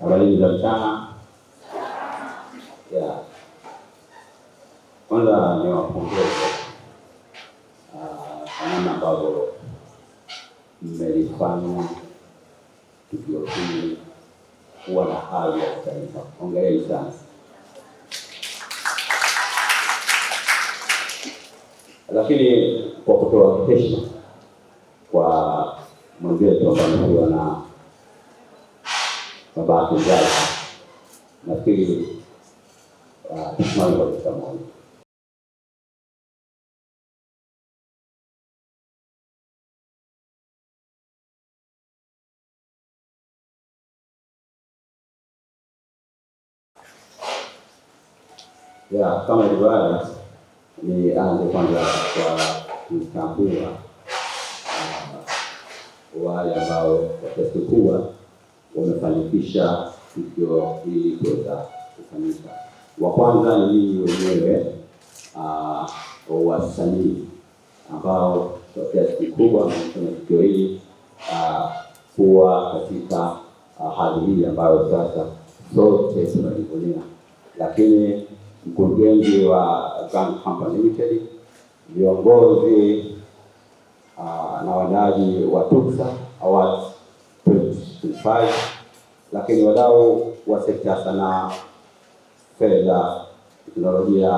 habari hizi za mchana. kwanza ni wapongeze ah, kwa namna ambavyo mmelifanya tukio hili kuwa na hali ya kitaifa. Hongereni sana. Lakini kwa kutoa heshima kwa mwenzetu ambaye amekuwa na babake Zari, nafikiri tusimame kwa dakika Ya, kama ilivyoada nianze kwanza kwa kutambua ah, wale ambao kwa kiasi kikubwa wamefanikisha tukio hili kuweza kufanyika. Wa kwanza ni nyinyi wenyewe ah, wasanii ambao kwa kiasi kikubwa wamefanya tukio hili ah, kuwa katika ah, hali hii ambayo sasa sote tunajivunia, lakini mkurugenzi wa Grand Company Limited, viongozi na wadaji wa Tuksa Awards 2025 lakini wadau wa sekta ya sanaa, fedha, teknolojia,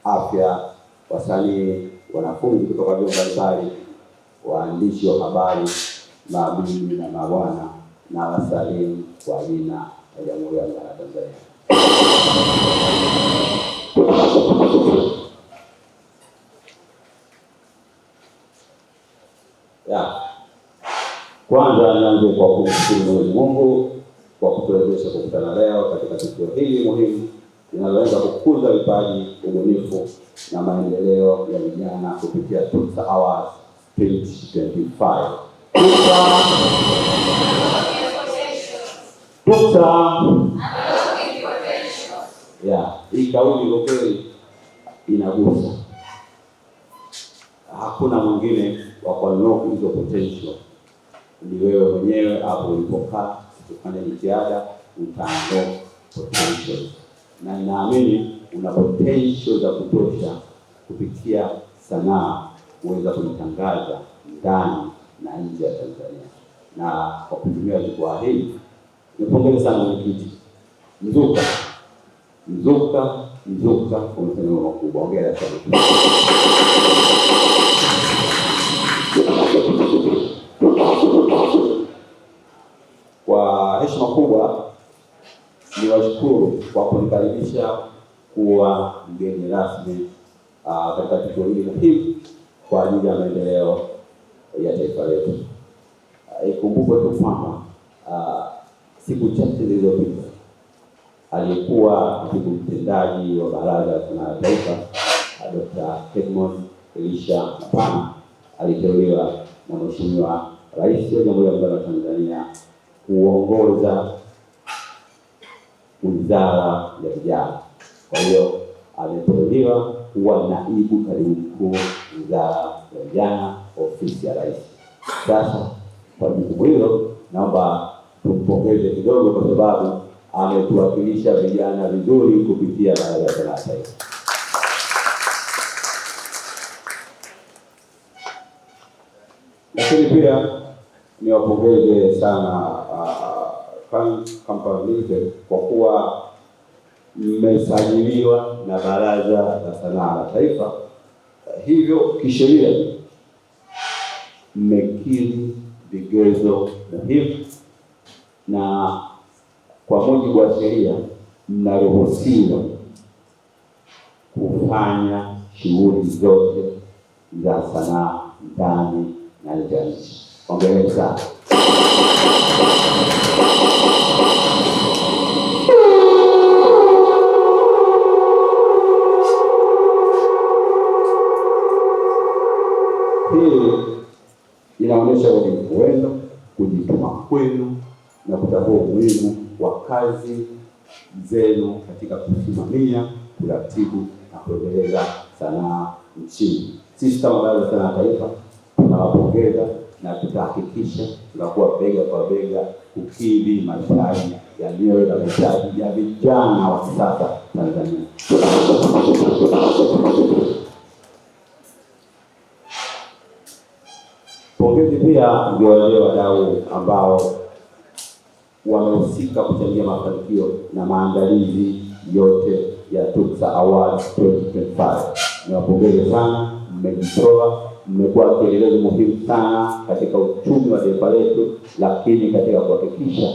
afya, wasanii, wanafunzi kutoka vyuo mbalimbali, waandishi wa habari, mabibi na mabwana, na wasalimu kwa jina la Jamhuri ya Muungano wa Tanzania. Kwanza nianze kwa kumshukuru Mwenyezi Mungu kwa kutuwezesha kukutana leo katika tukio hili muhimu linaloweza kukuza vipaji, ubunifu na maendeleo ya vijana kupitia Tusa Awards 2025. hii kauli kwa kweli inagusa, hakuna mwingine wa kuunlock hizo potential, ni wewe mwenyewe hapo ulipokaa ukifanya jitihada utaondoa potential, na ninaamini una potential za kutosha kupitia sanaa kuweza kuitangaza ndani na nje ya Tanzania. Na kwa kutumia jukwaa hili nipongeze sana mwenyekiti Mzuka, Mzuka, Mzuka, umefanya makubwa. Hongera sana. Kwa heshima kubwa ni washukuru kwa kunikaribisha kuwa mgeni rasmi ah, katika tukio hili muhimu kwa ajili ya maendeleo ya taifa letu. Ah, ikumbukwe tu kwamba ah, siku chache zilizopita aliyekuwa katibu mtendaji wa Baraza la Sanaa la Taifa Dr. Edmond Elisha Mapana aliteuliwa na Mheshimiwa Rais wa Jamhuri ya Muungano wa Tanzania kuongoza wizara ya vijana. Kwa hiyo ameteuliwa kuwa naibu katibu mkuu wizara ya vijana, ofisi ya rais. Sasa kwa jukumu hilo, naomba tumpongeze kidogo, kwa sababu ametuwakilisha vijana vizuri kupitia baraza la taifa. Lakini pia niwapongeze sana Fund Company Limited kwa kuwa mmesajiliwa na Baraza la Sanaa la Taifa, hivyo kisheria mmekidhi vigezo muhimu na kwa mujibu wa sheria mnaruhusiwa kufanya shughuli zote za sanaa ndani na nje ya nchi. Hongereni sana. Hii inaonyesha ulivu wenu, kujituma kwenu na kutambua umuhimu wa kazi zenu katika kusimamia, kuratibu na kuendeleza sanaa nchini. Sisi kama Baraza la Sanaa Taifa tunawapongeza na tutahakikisha tunakuwa bega kwa bega kukidhi mahitaji ya mioyo na mahitaji ya vijana wa kisasa Tanzania. Pongezi pia ndio wale wadau ambao wamehusika kuchangia mafanikio na maandalizi yote ya TUCTA Awards 2025. Niwapongeze sana, mmejitoa mmekuwa kielelezo muhimu sana katika uchumi wa taifa letu, lakini katika kuhakikisha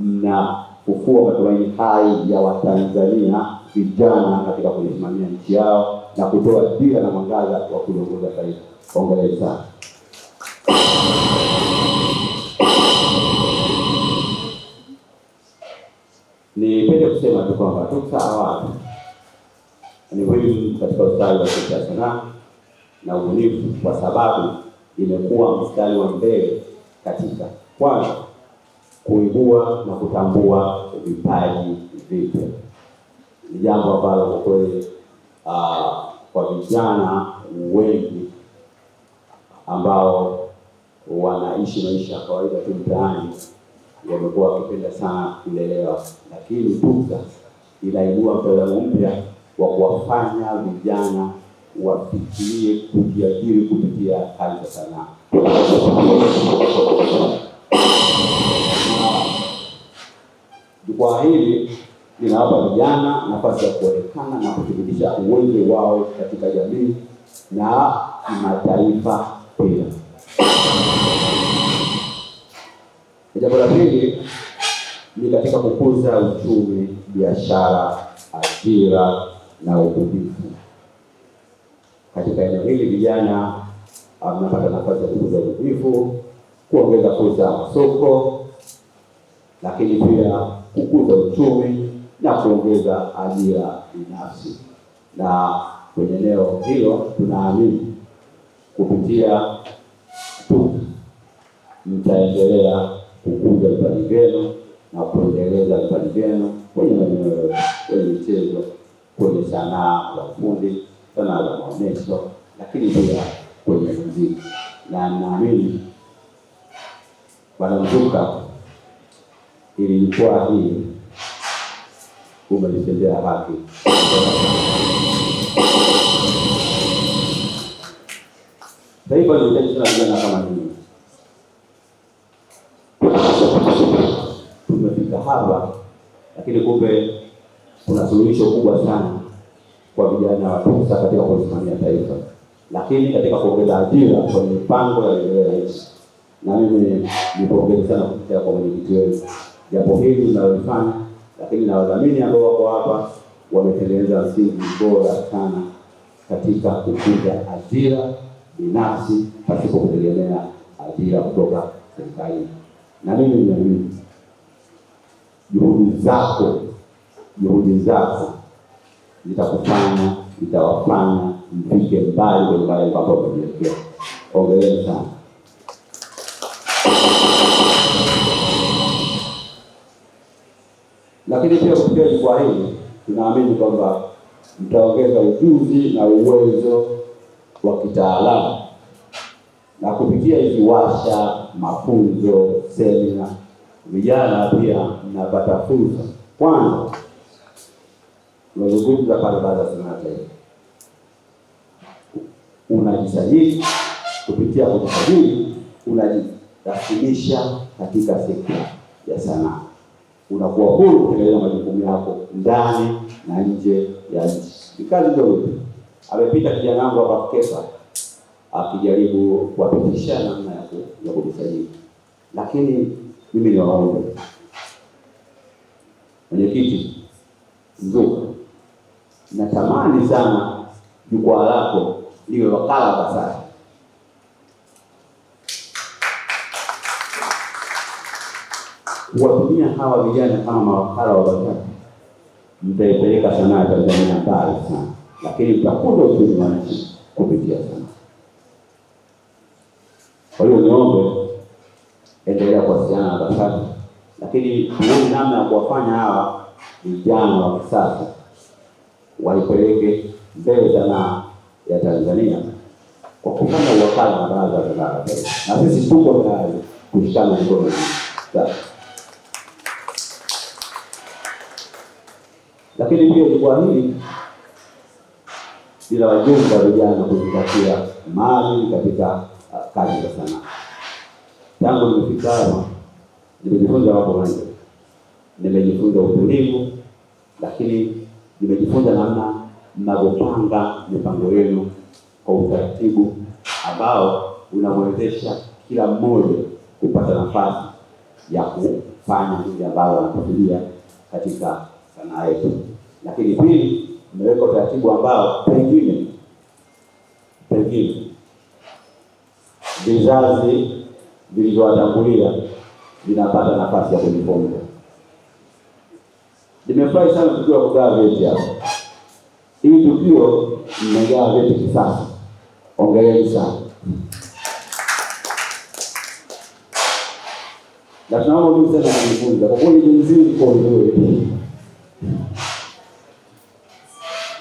mnafufua kufua matumaini hai ya Watanzania vijana katika kuisimamia nchi yao na kutoa dira na mwangaza wa kuliongoza taifa. Hongereni sana. Nipende kusema tu kwamba tuko sawa ni muhimu katika ustawi wa sekta ya sanaa na ubunifu, kwa sababu imekuwa mstari wa mbele katika kwanza kuibua na kutambua vipaji vipya. Ni jambo ambalo kwa kweli ah, kwa vijana wengi ambao wanaishi maisha ya kawaida tu mtaani wamekuwa wakipenda sana kulelewa, lakini TUCTA inaibua mtazamo mpya wa kuwafanya vijana wafikirie kujiajiri kupitia kazi za sanaa. Jukwaa hili linawapa vijana nafasi ya kuonekana na kuthibitisha uwezo wao katika jamii na mataifa pia. Jambo la pili ni katika kukuza uchumi, biashara, ajira na ubunifu katika eneo hili vijana wanapata ah, nafasi ya kukuza ubunifu, kuongeza fursa ya masoko, lakini pia kukuza uchumi na kuongeza ajira binafsi. Na kwenye eneo hilo tunaamini kupitia tu mtaendelea kukuza vipaji vyenu na kuendeleza vipaji vyenu kwenye maeneo kwenye michezo, kwenye sanaa ya ufundi sana la maonesho, lakini pia kwenye muziki, na naamini Bwana Mzuka, ili hii hili umelitendea haki. Sasa hivi nahitaji sana vijana kama nini, tumefika hapa, lakini kumbe kuna suluhisho kubwa sana kwa vijana wa katika kulisimamia taifa, lakini katika kuongeza ajira kwenye mipango ya maendeleo ya nchi. Na mimi nipongeze sana kupitia kwa mwenyekiti wenu jambo hili linalofanya, lakini na wadhamini ambao wako hapa wametengeneza msingi bora sana katika kukuza ajira binafsi pasipo kutegemea ajira kutoka serikalini. Na mimi ninaamini juhudi zako juhudi zako nitakufanya nitawafanya mpige mbali kwenye pale ambapo umejiwekea. Hongereni sana. Lakini pia kupitia jukwaa hili tunaamini kwamba mtaongeza ujuzi na uwezo wa kitaalamu na kupitia hizi washa, mafunzo, semina, vijana pia mnapata fursa kwanza Tumezungumza pale baada ya semina ya taifa, unajisajili kupitia kujisajili, unajirasimisha katika sekta ya sanaa, unakuwa huru kutekeleza majukumu yako ndani na nje ya nchi. Ni kazi ndogo. Amepita kijana wangu hapa Kesa akijaribu kuwapitisha namna ya kujisajili, lakini mimi ni waombe mwenyekiti mzuka natamani sana jukwaa lako liwe wakala wa BASATA. Kuwatumia hawa vijana kama mawakala wa BASATA, mtaipeleka sanaa ya Tanzania mbali sana, lakini mtakuza uchumi wa nchi kupitia sanaa. Kwa hiyo niombe, endelea kuwasiliana na BASATA, lakini tuone namna ya kuwafanya hawa vijana wa kisasa waipeleke mbele sanaa ya Tanzania kwa kufanya wakala na Baraza la baraza, na sisi tuko tayari kushikana mikono. Lakini pia jukwaa hili bila wajumbe vijana kuzingatia mali katika uh, kazi za sanaa. Tangu nimefika hapa nimejifunza mambo mengi, nimejifunza utulivu, lakini nimejifunza namna mnavyopanga mipango yenu kwa utaratibu ambao unamwezesha kila mmoja kupata nafasi ya kufanya hili ambalo wanakusudia katika sanaa yetu. Lakini pili, mmeweka utaratibu ambao pengine pengine vizazi vilivyowatangulia vinapata nafasi ya kujifunza. Nimefurahi sana tukio la kugawa vyeti hapa. Hii tukio mmegawa vyeti kisasa, ongeleni sana na tunaomba mimi sasa nijifunza kwa kweli, mzuri kwa nzuri,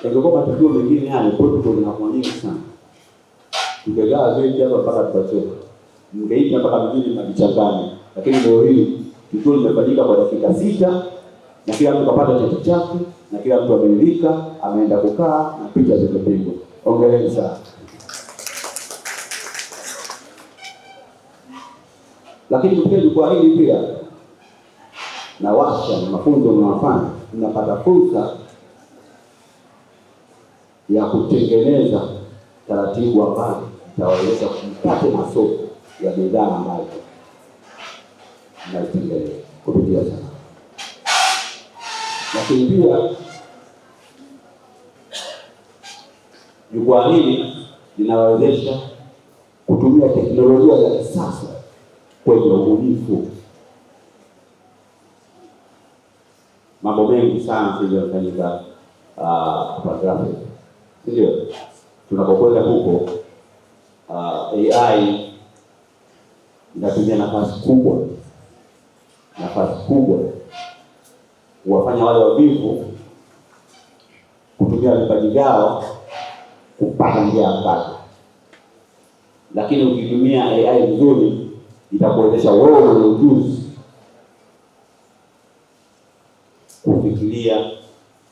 ingekuwa matukio mengine haya kwa na nini sana, tungegawa vyeti hapa mpaka tutachoka, mngeita mpaka mjini mnavichanganya, lakini leo hii tukio limefanyika kwa dakika sita na kila mtu kapata cheti chake na kila mtu ameridhika, ameenda kukaa na picha zilizopigwa. Ongeleni sana. Lakini kupitia jukwaa hili pia na washa na mafunzo mnayofanya, mnapata fursa ya kutengeneza taratibu ambazo itawawezesha kupata masoko ya bidhaa ambazo mnazitengeneza kupitia sana Akiingia jukwaa hili linawawezesha kutumia teknolojia za kisasa kwenye ubunifu, mambo mengi sana sivyofanyika Afya, ah, si ndio? Tunapokwenda huko AI ah, inatumia nafasi kubwa, nafasi kubwa kuwafanya wale wavivu kutumia vipaji vyao kupata njia ya mkato, lakini ukitumia AI vizuri itakuwezesha wewe mwenye ujuzi kufikiria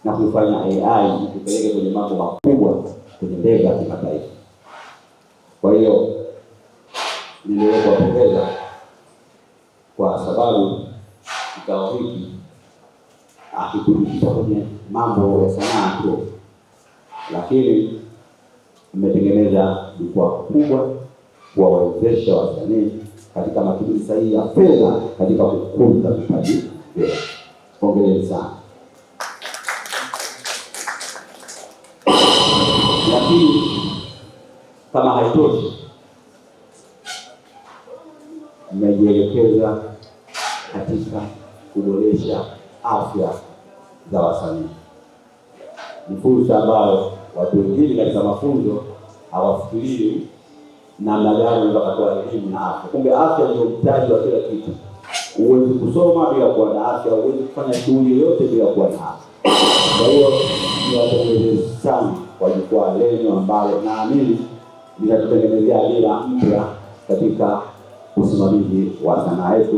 na kufanya AI ikupeleke kwenye mambo makubwa kwenye mbega ya kimataifa. Kwa hiyo niendelee kwa sababu kikao hiki akipindikishwa kwenye mambo ya sanaa tu, lakini mmetengeneza jukwaa kubwa kuwawezesha wasanii katika matumizi sahihi ya fedha katika kukuza vipaji vyao. Hongereni sana. Lakini kama haitoshi, mmejielekeza katika kuboresha afya za wasanii. Ni fursa ambayo watu wengine katika mafunzo hawafikirii namna gani unaweza kutoa elimu na afya. Kumbe afya ndio mtaji wa kila kitu. Huwezi kusoma bila kuwa na afya, huwezi kufanya shughuli yoyote bila kuwa na afya. Kwa hiyo niwapongeze sana kwa jukwaa lenu ambalo naamini linatutengenezea ajira mpya katika usimamizi wa sanaa yetu.